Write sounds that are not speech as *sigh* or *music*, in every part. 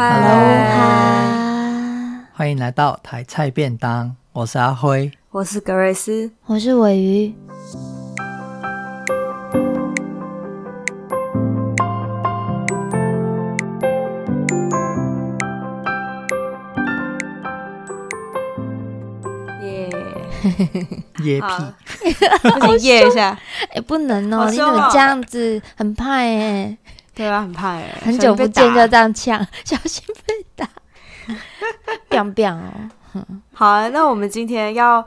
Hi, Hello，嗨 hi！歡迎來到台菜便當。我是阿輝，我是格瑞斯，我是尾魚。耶！耶嘿耶屁！再耶一下，哎，不能哦！哦，你怎麼這樣子？很怕耶。對啊，很怕哎、欸！很久不見就這樣嗆，小心被打。彪彪哦， *laughs* *laughs* *laughs* 好啊，那我們今天要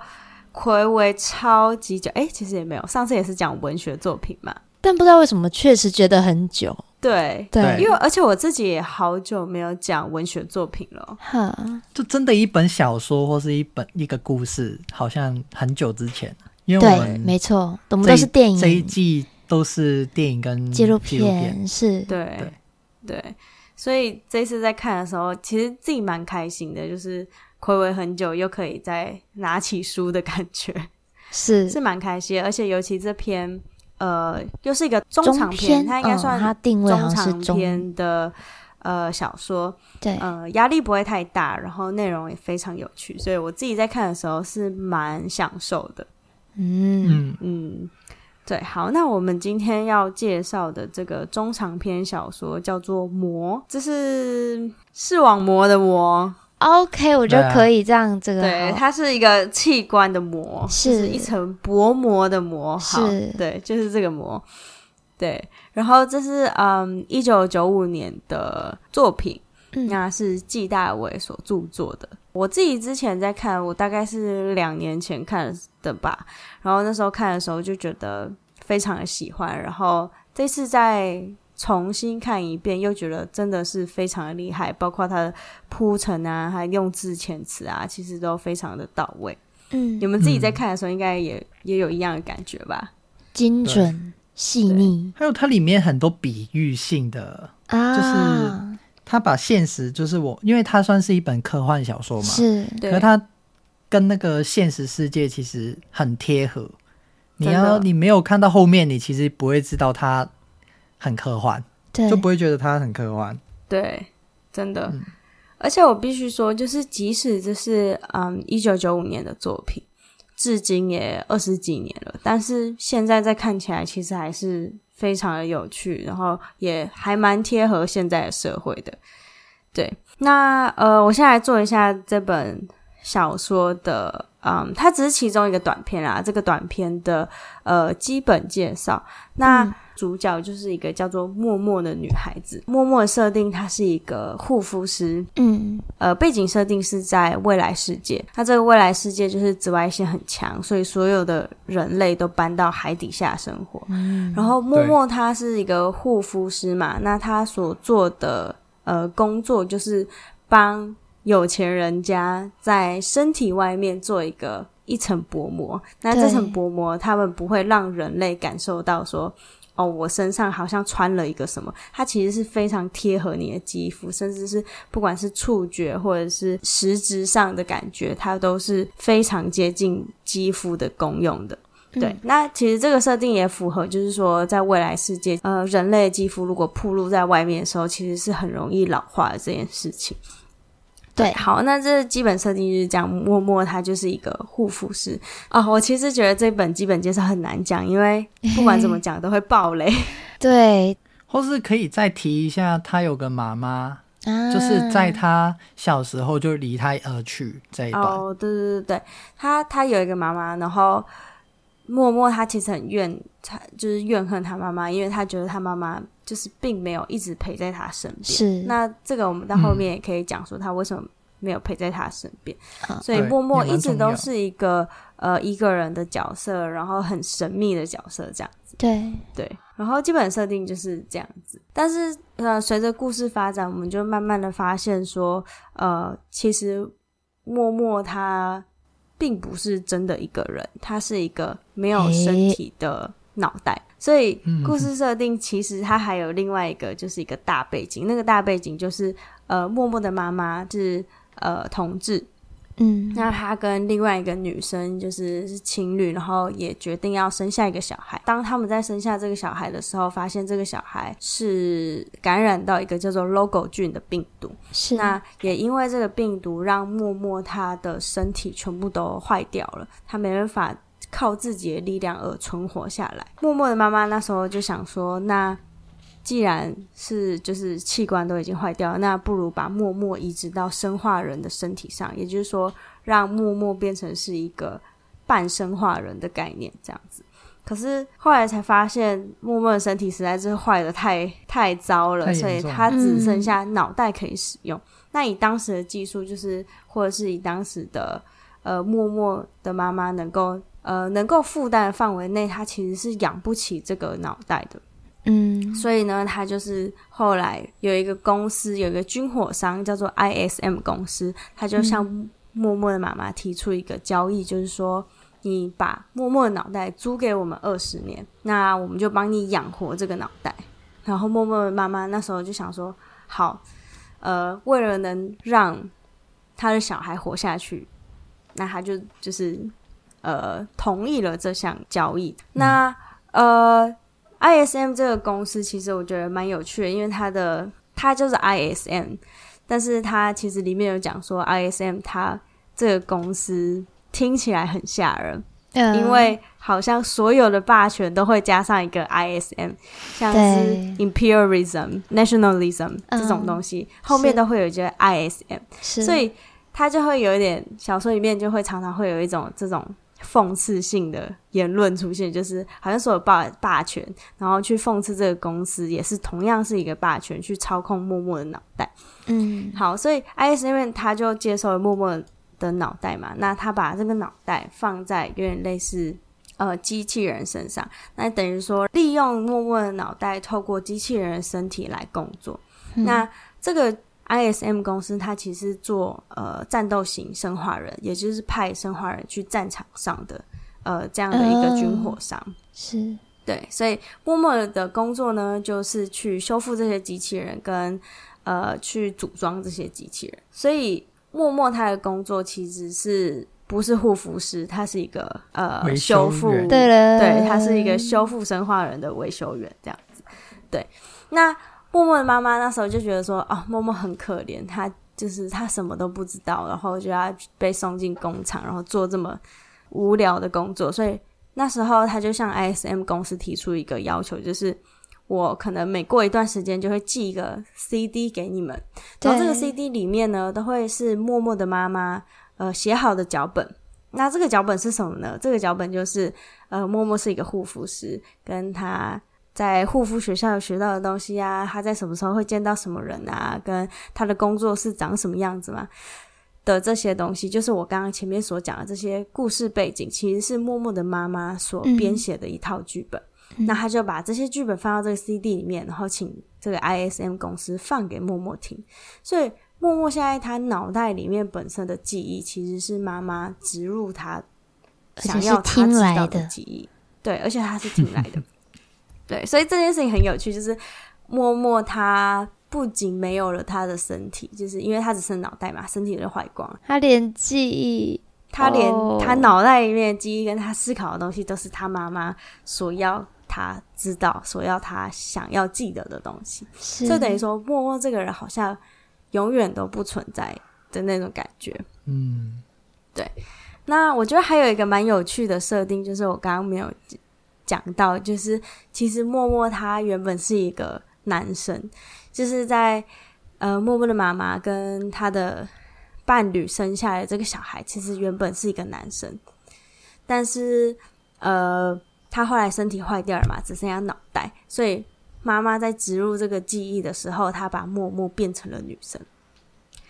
回味超級久哎、欸，其實也沒有，上次也是講文學作品嘛，但不知道為什麼，確實覺得很久。對對，對因為而且我自己也好久沒有講文學作品了，哈， *laughs* 就真的一本小說或是一本一個故事，好像很久之前。因為我們對，沒錯，我們都是電影這一，這一季。都是電影跟紀錄片，紀錄片是，對對，所以這次在看的時候，其實自己蠻開心的，就是暌違很久又可以再拿起書的感覺，是是蠻開心的。而且尤其這篇呃，又是一個中長篇，片它應該算中長篇的、哦、呃小說，對呃壓力不會太大，然後內容也非常有趣，所以我自己在看的時候是蠻享受的。嗯嗯。嗯對，好，那我們今天要介紹的這個中長篇小說叫做《膜》，這是視網膜的膜。OK，我覺得可以、啊、這樣，這個對，它是一個器官的膜，是，是一層薄膜的膜，好，是，對，就是這個膜。對，然後這是嗯，一九九五年的作品，嗯、那是紀大偉所著作的。我自己之前在看，我大概是兩年前看的吧，然後那時候看的時候就覺得非常的喜歡，然後這次再重新看一遍，又覺得真的是非常的厲害，包括他的鋪陳啊，還有用字遣詞啊，其實都非常的到位。嗯，你們自己在看的時候應，應該、嗯、也也有一樣的感覺吧？精準、細膩，還有它裡面很多比喻性的，啊、就是他把現實，就是我，因為它算是一本科幻小說嘛，是，對跟那個現實世界其實很貼合。你要你沒有看到後面，你其實不會知道它很科幻，對就不會覺得它很科幻。對，真的。嗯、而且我必須說，就是即使這是嗯一九九五年的作品，至今也二十幾年了，但是現在再看起來，其實還是非常的有趣，然後也還蠻貼合現在的社會的。對，那呃，我現在來做一下這本，小說的，嗯，它只是其中一個短片啦。這個短片的，呃，基本介紹，那主角就是一個叫做默默的女孩子。默默設定，她是一個護膚師，嗯，呃，背景設定是在未來世界。那這個未來世界就是紫外線很強，所以所有的人類都搬到海底下生活。嗯，然後默默她是一個護膚師嘛，對那她所做的，呃，工作就是幫。有錢人家在身體外面做一個一層薄膜，對那這層薄膜他們不會讓人類感受到說哦，我身上好像穿了一個什麼。它其實是非常貼合你的肌膚，甚至是不管是觸覺或者是實質上的感覺，它都是非常接近肌膚的功用的。對，嗯、那其實這個設定也符合，就是說在未來世界，呃，人類的肌膚如果暴露在外面的時候，其實是很容易老化的這件事情。對，好，那這基本設定就是這樣。默默他就是一個護膚師啊。我其實覺得這本基本介紹很難講，因為不管怎麼講都會爆雷。欸、對，或是可以再提一下，他有個媽媽，啊、就是在他小時候就離他而去這一段。哦，對對對，他他有一個媽媽，然後。默默他其實很怨，他就是怨恨他媽媽，因為他覺得他媽媽就是並沒有一直陪在他身邊。是，那這個我們到後面也可以講說他為什麼沒有陪在他身邊。啊、所以默默一直都是一個呃一個人的角色，然後很神秘的角色這樣子。對對，然後基本設定就是這樣子。但是呃，隨着故事發展，我們就慢慢的發現說，呃，其實默默他。並不是真的一個人，他是一個沒有身體的腦袋，所以故事設定其實他還有另外一個，嗯、哼就是一個大背景，那個大背景就是呃，默默的媽媽是呃同志。嗯，那他跟另外一個女生就是情侶，然後也決定要生下一個小孩。當他們在生下這個小孩的時候，發現這個小孩是感染到一個叫做 “logo 菌”的病毒。是，那也因為這個病毒，讓默默她的身體全部都壞掉了，她沒辦法靠自己的力量而存活下來。默默的媽媽那時候就想說，那。既然是就是器官都已經壞掉了，那不如把默默移植到生化人的身體上，也就是說，讓默默變成是一個半生化人的概念這樣子。可是後來才發現，默默的身體實在是壞得太太糟了，了所以他只剩下腦袋可以使用。嗯、那以當時的技術，就是或者是以當時的呃默默的媽媽能夠呃能夠負擔的範圍內，他其實是養不起這個腦袋的。嗯，所以呢，他就是後來有一個公司，有一個軍火商叫做 ISM 公司，他就向默默的媽媽提出一個交易，嗯、就是說你把默默的腦袋租給我們二十年，那我們就幫你養活這個腦袋。然後默默的媽媽那時候就想說，好，呃，為了能讓他的小孩活下去，那他就就是呃同意了這項交易。嗯、那呃。ISM 這個公司其實我覺得蠻有趣的，因為它的它就是 ISM，但是它其實裡面有講說 ISM 它這個公司聽起來很嚇人，嗯、因為好像所有的霸權都會加上一個 ISM，像是 imperialism 對、nationalism 這種東西，嗯、後面都會有一些 ISM，是所以他就會有一點小說裡面就會常常會有一種這種。諷刺性的言論出現，就是好像所有霸霸權，然後去諷刺這個公司，也是同樣是一個霸權，去操控默默的腦袋。嗯，好，所以艾斯因為他就接受了默默的腦袋嘛，那他把這個腦袋放在有點類似呃機器人身上，那等於說利用默默的腦袋透過機器人的身體來工作，嗯，那這個。I S M 公司，它其實做呃戰鬥型生化人，也就是派生化人去戰場上的呃這樣的一個軍火商，哦、是對。所以默默的工作呢，就是去修復這些機器人跟，跟呃去組裝這些機器人。所以默默他的工作其實是不是護膚師，他是一個呃修復，對了，對，他是一個修復生化人的維修員這樣子。對，那。默默的媽媽那時候就覺得說，哦，默默很可憐，他就是他什麼都不知道，然後就要被送進工廠，然後做這麼無聊的工作。所以那時候他就向 ISM 公司提出一個要求，就是我可能每過一段時間就會寄一個 CD 給你們，對然後這個 CD 裡面呢都會是默默的媽媽呃寫好的腳本。那這個腳本是什麼呢？這個腳本就是呃，默默是一個護膚師，跟他。在護膚學校學到的東西啊，他在什麼時候會見到什麼人啊，跟他的工作室長什麼樣子嘛，的這些東西，就是我剛剛前面所講的這些故事背景，其實是默默的媽媽所編寫的一套劇本。嗯、那他就把這些劇本放到這個 CD 裡面，嗯、然後請這個 ISM 公司放給默默聽。所以默默現在他腦袋裡面本身的記憶，其實是媽媽植入他想要他知道的記憶。聽來的。對，而且他是聽來的。 *laughs* 對，所以這件事情很有趣，就是默默他不僅沒有了他的身體，就是因為他只剩腦袋嘛，身體的壞光，他連記憶，他連、哦、他腦袋裡面的記憶跟他思考的東西，都是他媽媽所要他知道，所要他想要記得的東西，是就等於說默默這個人好像永遠都不存在的那種感覺。嗯，對。那我覺得還有一個蠻有趣的設定，就是我剛剛沒有。講到就是，其實默默他原本是一個男生，就是在呃默默的媽媽跟他的伴侶生下來的這個小孩，其實原本是一個男生，但是呃他後來身體壞掉了嘛，只剩下腦袋，所以媽媽在植入這個記憶的時候，他把默默變成了女生。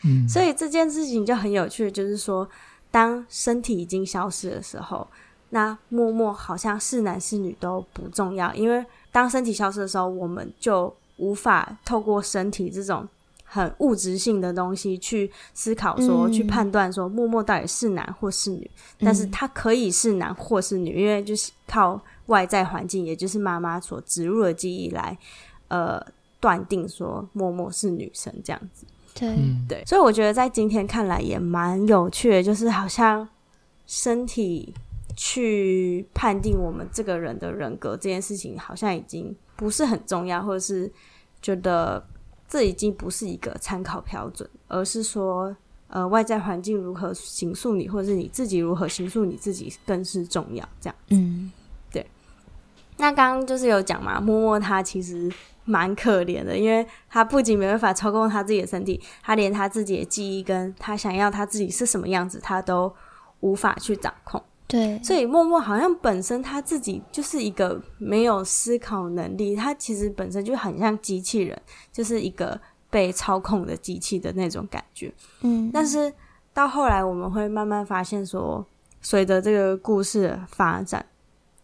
嗯，所以這件事情就很有趣，就是說當身體已經消失的時候。那默默好像是男是女都不重要，因為當身體消失的時候，我們就無法透過身體這種很物質性的東西去思考說、嗯、去判斷說默默到底是男或是女。但是他可以是男或是女，嗯、因為就是靠外在環境，也就是媽媽所植入的記憶來呃斷定說默默是女生這樣子。對、嗯，對。所以我覺得在今天看來也蠻有趣的，就是好像身體。去判定我們這個人的人格這件事情，好像已經不是很重要，或者是覺得這已經不是一個參考標準，而是說，呃，外在環境如何形塑你，或者是你自己如何形塑你自己，更是重要。這樣，嗯，對。那剛剛就是有講嘛，默默他其實蠻可憐的，因為他不僅沒辦法操控他自己的身體，他連他自己的記憶跟他想要他自己是什麼樣子，他都無法去掌控。對，所以默默好像本身他自己就是一個沒有思考能力，他其實本身就很像機器人，就是一個被操控的機器的那種感覺。嗯，但是到後來我們會慢慢發現說，說隨着這個故事的發展，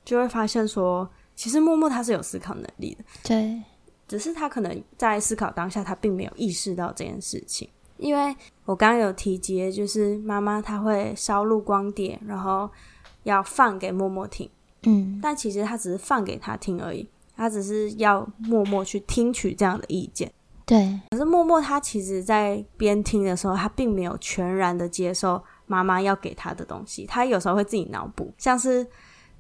就會發現說，其實默默他是有思考能力的。對，只是他可能在思考當下，他並沒有意識到這件事情。因為我剛剛有提及，就是媽媽她會燒錄光碟，然後要放給默默聽。嗯，但其實她只是放給他聽而已，她只是要默默去聽取這樣的意見。對，可是默默她其實，在邊聽的時候，她並沒有全然的接受媽媽要給他的東西，她有時候會自己腦補。像是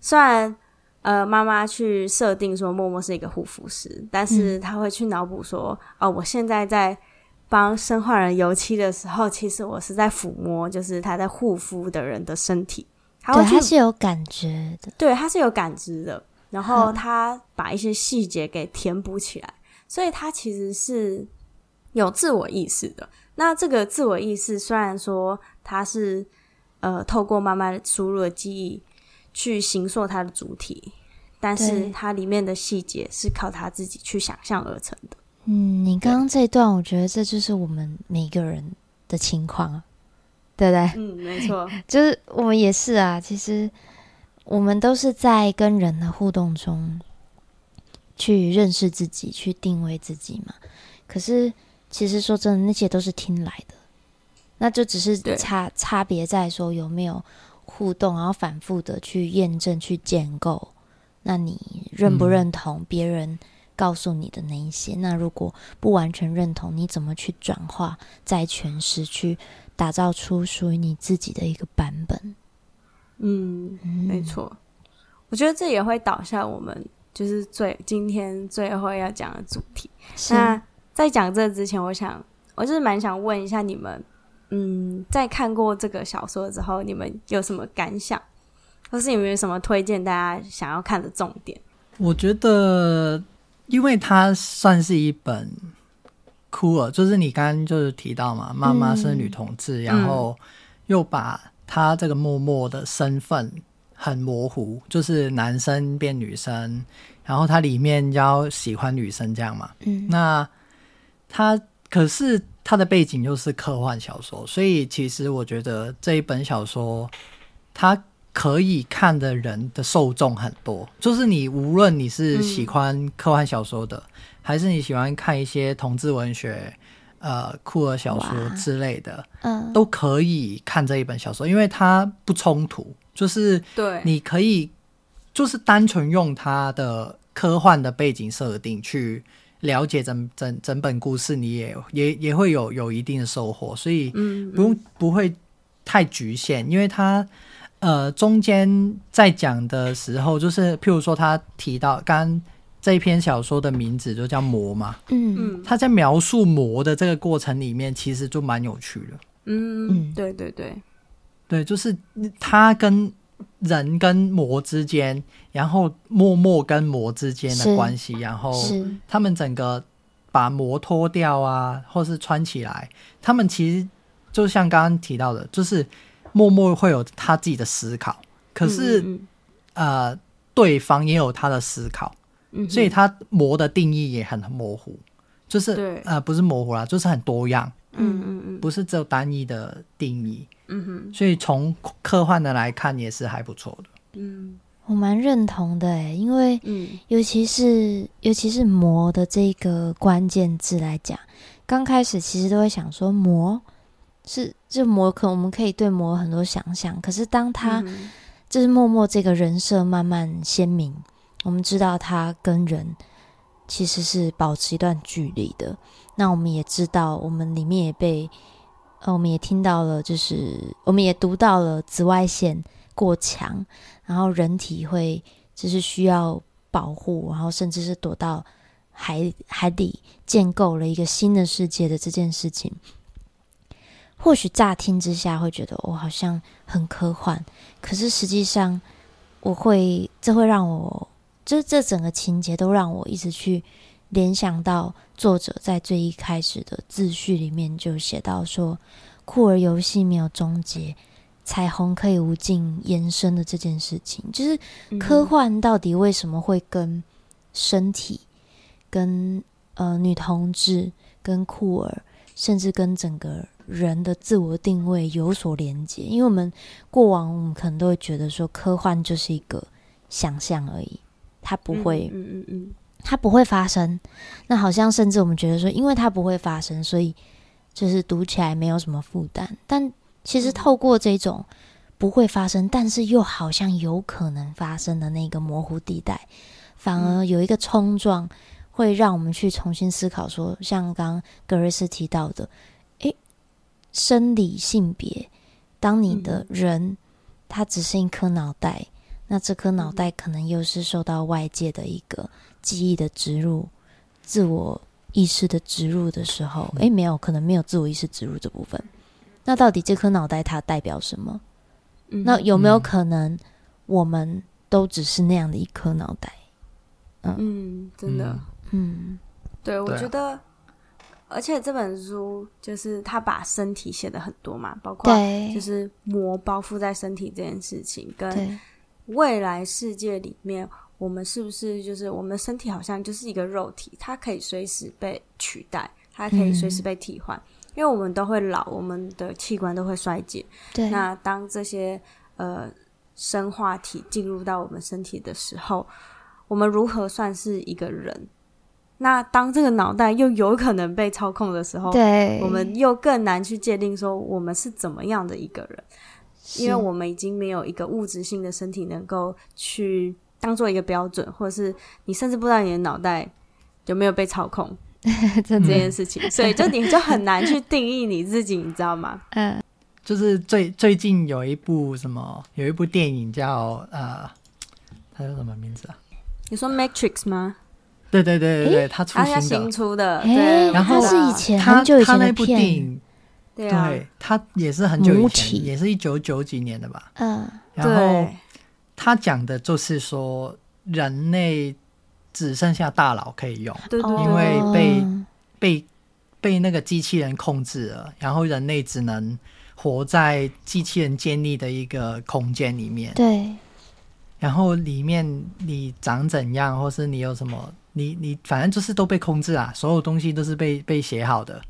雖然呃，媽媽去設定說默默是一個護膚師，但是她會去腦補說，嗯、哦，我現在在。幫生化人油漆的時候，其實我是在撫摸，就是他在護膚的人的身體，對，他是有感覺的，對，他是有感知的，然後他把一些細節給填補起來，嗯、所以他其實是有自我意識的。那這個自我意識雖然說他是呃透過媽媽輸入的記憶去形塑他的主體，但是他裡面的細節是靠他自己去想象而成的。嗯，你剛剛這一段，我覺得這就是我們每個人的情況，對，對不對？嗯，沒錯， *laughs* 就是我們也是啊。其實我們都是在跟人的互動中去認識自己，去定位自己嘛。可是，其實說真的，那些都是聽來的，那就只是差對差別在說有沒有互動，然後反覆的去驗證、去建構。那你認不認同別人？嗯。告訴你的那一些，那如果不完全認同，你怎麼去轉化，再詮釋去打造出屬於你自己的一個版本？嗯，沒錯，嗯、我覺得這也會導向我們就是最今天最後要講的主題。是那在講這之前，我想，我就是蠻想問一下你們，嗯，在看過這個小說之後，你們有什麼感想，或是有沒有什麼推薦大家想要看的重點？我覺得。因為它算是一本酷兒，就是你剛剛就是提到嘛，媽媽是女同志，嗯、然後又把她這個默默的身份很模糊，就是男生變女生，然後他裡面要喜歡女生這樣嘛。嗯、那他可是他的背景又是科幻小說，所以其實我覺得這一本小說它。他可以看的人的受眾很多，就是你無論你是喜歡科幻小說的，嗯、還是你喜歡看一些同志文學、呃酷兒小說之類的，嗯，呃、都可以看這一本小說，因為它不衝突，就是對，你可以就是單純用它的科幻的背景設定去了解整整整本故事，你也也也會有有一定的收穫，所以不用、嗯嗯、不,不會太局限，因為它。呃，中間在講的時候，就是譬如說，他提到剛剛這篇小說的名字就叫膜嘛，嗯嗯，他在描述膜的這個過程裡面，其實就蠻有趣的，嗯嗯，嗯對對對，對，就是他跟人跟膜之間，然後默默跟膜之間的關係，是然後他們整個把膜脫掉啊，或是穿起來，他們其實就像剛剛提到的，就是。默默會有他自己的思考，可是，嗯嗯呃，對方也有他的思考，嗯、哼所以他膜的定義也很模糊，就是對呃，不是模糊啦，就是很多樣，嗯嗯嗯，不是只有單一的定義，嗯哼，所以從科幻的來看也是還不錯的，嗯，我蠻認同的、欸，哎，因為，尤其是尤其是膜的這個關鍵字來講，剛開始其實都會想說膜。是這膜可能我們可以對膜很多想象。可是當他、嗯、哼就是默默這個人設慢慢鮮明，我們知道他跟人其實是保持一段距離的。那我們也知道，我們裡面也被、呃、我們也聽到了，就是我們也讀到了紫外線過強，然後人體會就是需要保護，然後甚至是躲到海海底建構了一個新的世界的這件事情。或許乍聽之下會覺得我好像很科幻，可是實際上我會這會讓我就這整個情節都讓我一直去聯想到作者在最一開始的自序裡面就寫到說，酷兒遊戲沒有終結，彩虹可以無盡延伸的這件事情，就是科幻到底為什麼會跟身體、嗯、跟呃女同志、跟酷兒，甚至跟整個。人的自我定位有所連接，因為我們過往我們可能都會覺得說，科幻就是一個想象而已，它不會，嗯嗯嗯嗯、它不會發生。那好像甚至我們覺得說，因為它不會發生，所以就是讀起來沒有什麼負擔。但其實透過這種不會發生，嗯、但是又好像有可能發生的那個模糊地帶，反而有一個衝撞，會讓我們去重新思考。說像剛剛格瑞斯提到的。生理性別，當你的人，他、嗯、只剩一顆腦袋，那這顆腦袋可能又是受到外界的一個記憶的植入、自我意識的植入的時候，誒、嗯欸，沒有，可能沒有自我意識植入這部分。那到底這顆腦袋它代表什麼？嗯、那有沒有可能，我們都只是那樣的一顆腦袋？嗯，嗯，真的，嗯，對，我覺得。而且這本書就是他把身體寫的很多嘛，包括就是膜包覆在身體這件事情，跟未來世界裡面，我們是不是就是我們的身體好像就是一個肉體，它可以隨時被取代，它可以隨時被替換，嗯、因為我們都會老，我們的器官都會衰竭。對，那當這些呃生化體進入到我們身體的時候，我們如何算是一個人？那當這個腦袋又有可能被操控的時候，對，我們又更難去界定說我們是怎麼樣的一個人，是因為我們已經沒有一個物質性的身體能夠去當做一個標準，或者是你甚至不知道你的腦袋有沒有被操控 *laughs* 真的這件事情，所以就你就很難去定義你自己， *laughs* 你知道嗎？嗯，就是最最近有一部什麼，有一部電影叫呃，它叫什麼名字啊？你說《Matrix》嗎？對對對對，他他出新出的，然後是以前很久以前那部電影，對，他也是很久以前，也是一九九幾年的吧，嗯，然後他講的就是說，人類只剩下大腦可以用，對，因為被被被那個機器人控制了，然後人類只能活在機器人建立的一個空間裡面，對，然後裡面你長怎樣，或是你有什麼。你你反正就是都被控制啊，所有東西都是被被寫好的。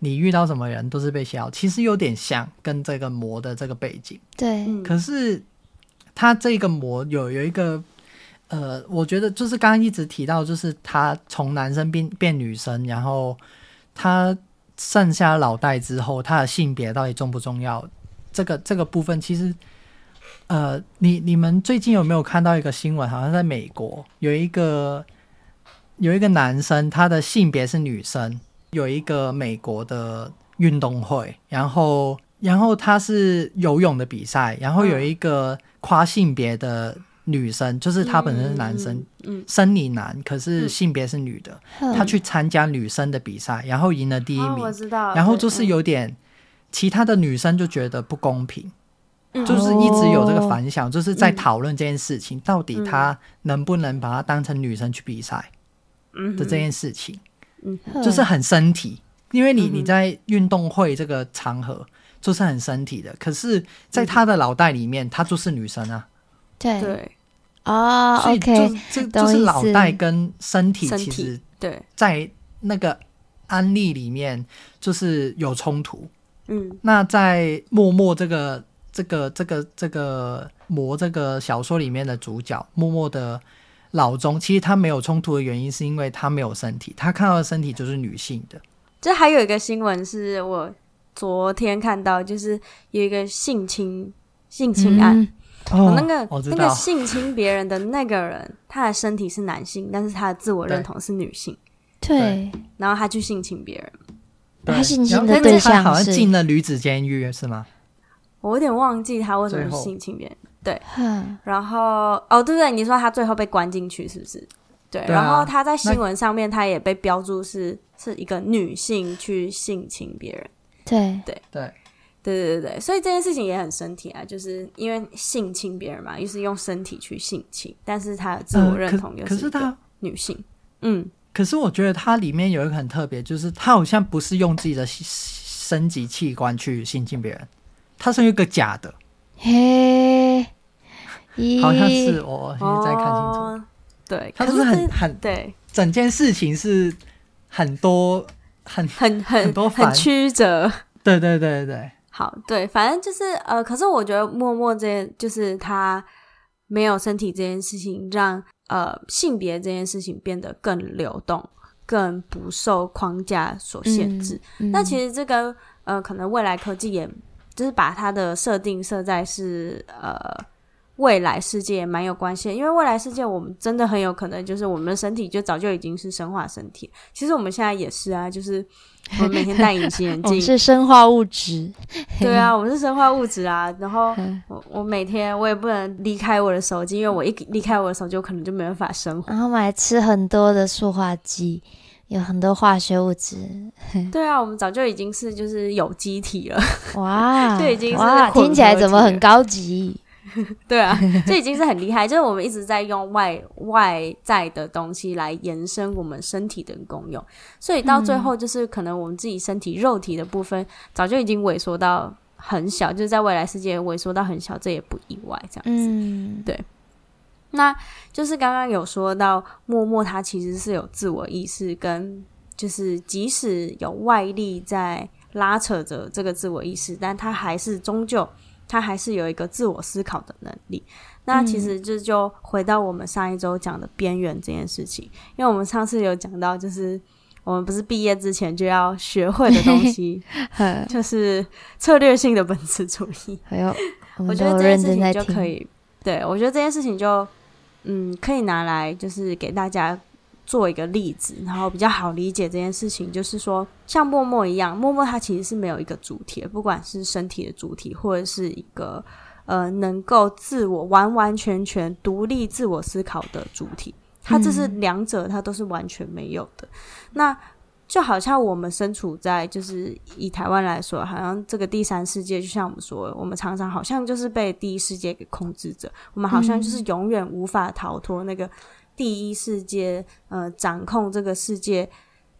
你遇到什麼人都是被寫好的，其實有點像跟這個膜的這個背景。對，可是他這個膜有有一個呃，我覺得就是剛剛一直提到，就是他從男生變變女生，然後他剩下腦袋之後，他的性別到底重不重要？這個這個部分其實，呃，你你們最近有沒有看到一個新聞？好像在美國有一個。有一個男生，他的性別是女生。有一個美國的運動會，然後，然後他是游泳的比賽，然後有一個跨性別的女生，嗯、就是他本身是男生，嗯嗯、生理男，可是性別是女的，嗯、他去參加女生的比賽，然後贏了第一名。哦、我知道。然後就是有點，對其他的女生就覺得不公平，嗯、就是一直有這個反響，嗯、就是在討論這件事情，嗯、到底他能不能把他當成女生去比賽。的這件事情，嗯哼，就是很身體，呵因為你你在運動會這個場合就是很身體的，嗯、哼可是，在他的腦袋裡面，嗯、哼他就是女生啊，對對啊，所以就這對就，就，就是腦袋跟身體其實對，在那個案例裡面就是有衝突，嗯，那在默默這個這個這個這個膜這個小說裡面的主角默默的。老鍾其實他沒有衝突的原因，是因為他沒有身體，他看到的身體就是女性的。這還有一個新聞是我昨天看到，就是有一個性侵性侵案，我、嗯哦哦、那個我那個性侵別人的那個人，他的身體是男性，但是他的自我認同是女性，對，然後他去性侵別人，對對他性侵，人性侵的對象是對是好像進了女子監獄，是嗎？我有點忘記他為什麼是性侵別人。對，嗯、然後哦，對不對，你說他最後被關進去是不是？對，對啊，然後他在新聞上面，他也被標註是那是一個女性去性侵別人。對對對對對對對，所以這件事情也很身體啊，就是因為性侵別人嘛，又、就是用身體去性侵，但是她自我認同有，呃、可是他女性。嗯，可是我覺得他裡面有一個很特別，就是他好像不是用自己的生殖器官去性侵別人，他是一個假的。嘿。好像是我現在看清楚。哦，對，他是很很對，整件事情是很多很很很很多很曲折，對對對對對，好，對，反正就是呃，可是我覺得默默這件就是他沒有身體這件事情讓，讓呃性別這件事情變得更流動，更不受框架所限制。嗯嗯、那其實這個呃，可能未來科技也就是把它的設定設在是呃。未來世界也蠻有關係的，因為未來世界我們真的很有可能就是我們的身體就早就已經是生化身體。其實我們現在也是啊，就是我們每天戴隱形眼鏡，是生化物質。對啊，我們是生化物質啊, *laughs* 啊。然後我我每天我也不能離開我的手機，因為我一離開我的手機，我 *laughs* 可能就沒辦法生活。然後我們還吃很多的塑化劑，有很多化學物質。 *laughs* 對啊，我們早就已經是就是有機體了。哇，對 *laughs* 已經是哇聽起來怎麼很高級？ *laughs* 對啊，這已經是很厲害， *laughs* 就是我們一直在用外外在的東西來延伸我們身體的功用，所以到最後就是可能我們自己身體肉體的部分早就已經萎縮到很小，就是在未來世界萎縮到很小，這也不意外。這樣子，嗯、對。那就是剛剛有說到默默，他其實是有自我意識，跟就是即使有外力在拉扯着這個自我意識，但他還是終究。他還是有一個自我思考的能力。那其實這就，就回到我們上一周講的邊緣這件事情，因為我們上次有講到，就是我們不是畢業之前就要學會的東西， *laughs* 就是策略性的本質主義。還有、哎喲，我們都認真在聽。 *laughs* 我覺得這件事情就可以，對我覺得這件事情就嗯，可以拿來就是給大家。做一個例子，然後比較好理解這件事情，就是說，像默默一樣，默默它其實是沒有一個主體的，不管是身體的主體，或者是一個呃能夠自我完完全全獨立自我思考的主體，它這是兩者它都是完全沒有的。嗯、那就好像我們身處在，就是以台灣來說，好像這個第三世界，就像我們說，我們常常好像就是被第一世界給控制着，我們好像就是永遠無法逃脫那個。嗯第一世界，呃，掌控這個世界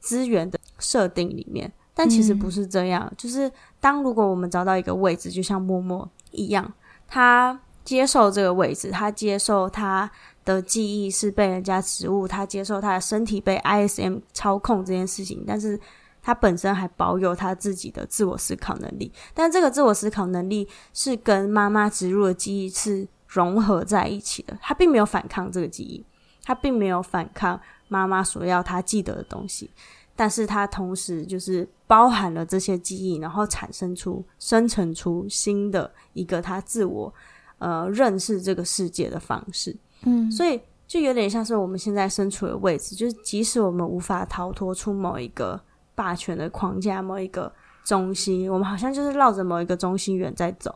資源的設定裡面，但其實不是這樣。嗯、就是當如果我們找到一個位置，就像默默一樣，他接受這個位置，他接受他的記憶是被人家植入，他接受他的身體被 ISM 操控這件事情，但是他本身還保有他自己的自我思考能力。但這個自我思考能力是跟媽媽植入的記憶是融合在一起的，他並沒有反抗這個記憶。他並沒有反抗媽媽所要他記得的東西，但是他同時就是包含了這些記憶，然後產生出、生成出新的一個他自我，呃，認識這個世界的方式。嗯，所以就有點像是我們現在身處的位置，就是即使我們無法逃脫出某一個霸權的框架、某一個中心，我們好像就是繞着某一個中心圓在走，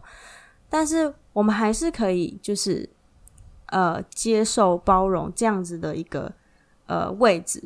但是我們還是可以就是。呃，接受包容這樣子的一個呃位置，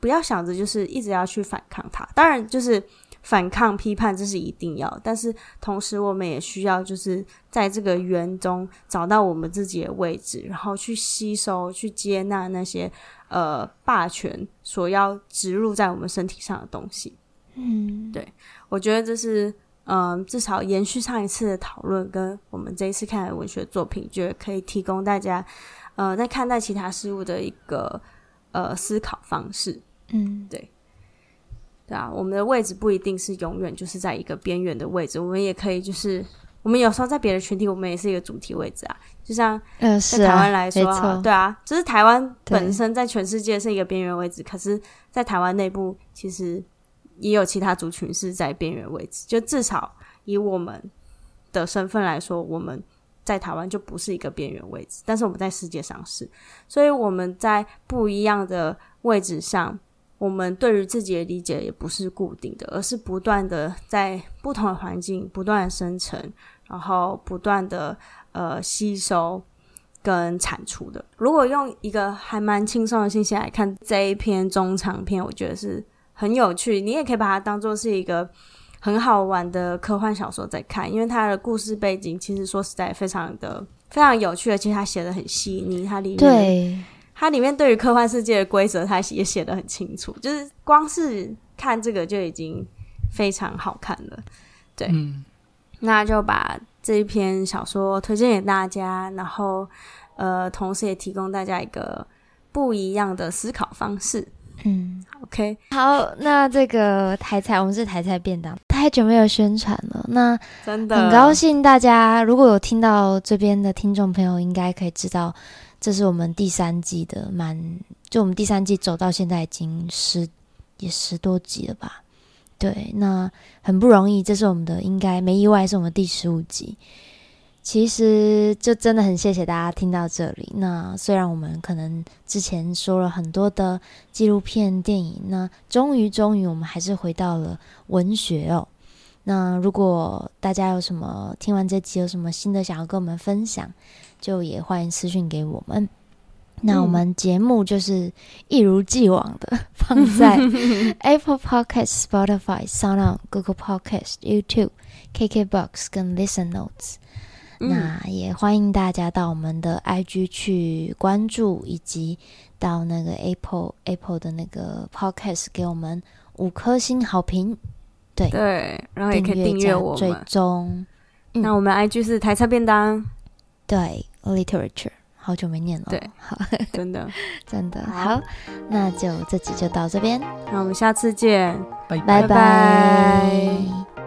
不要想着就是一直要去反抗它。當然，就是反抗批判這是一定要的，但是同時我們也需要就是在這個圓中找到我們自己的位置，然後去吸收、去接納那些呃霸權所要植入在我們身體上的東西。嗯，對，我覺得這是。嗯、呃，至少延續上一次的討論，跟我們這一次看的文學作品，覺得可以提供大家，呃，在看待其他事物的一個呃思考方式。嗯，對，對啊，我們的位置不一定是永遠就是在一個邊緣的位置，我們也可以就是，我們有時候在別的群體，我們也是一個主體位置啊。就像在台灣來說、啊，對啊，就是台灣本身在全世界是一個邊緣位置，對可是在台灣內部其實。也有其他族群是在邊緣位置，就至少以我們的身份來說，我們在台灣就不是一個邊緣位置，但是我們在世界上是，所以我們在不一樣的位置上，我們對於自己的理解也不是固定的，而是不斷的在不同的環境不斷生成，然後不斷的呃吸收跟產出的。如果用一個還蠻輕鬆的心情來看這一篇中長篇，我覺得是。很有趣，你也可以把它當做是一個很好玩的科幻小說在看，因為它的故事背景其實說實在非常的非常有趣的，其實它寫的很細膩，它裡面對它裡面對於科幻世界的規則，它也寫得很清楚，就是光是看這個就已經非常好看了。對，嗯、那就把這一篇小說推薦給大家，然後呃，同時也提供大家一個不一樣的思考方式。嗯，OK，好，那這個台菜，我們是台菜便當，太久沒有宣傳了，那真的很高興大家。如果有聽到這邊的聽眾朋友，應該可以知道，這是我們第三季的，蠻就我們第三季走到現在已經十也十多集了吧？對，那很不容易，這是我們的應該沒意外，是我們第十五集。其實就真的很謝謝大家聽到這裡。那雖然我們可能之前說了很多的紀錄片、電影，那終於終於我們還是回到了文學哦。那如果大家有什麼聽完這集有什麼新的想要跟我們分享，就也歡迎私訊給我們。嗯、那我們節目就是一如既往的放在 *laughs* *laughs* Apple Podcast、Spotify、SoundOn、Google Podcast、YouTube、KKBox 跟 Listen Notes。嗯、那也歡迎大家到我們的 I G 去關注，以及到那個 Apple Apple 的那個 Podcast 給我們五顆星好評，對對，然後也可以訂閱我們最終，那我們 I G 是台車便當，對，Literature，好久沒念了，對好的， *laughs* 好，真的真的好，那就這集就到這邊，那我們下次見，拜拜。拜拜。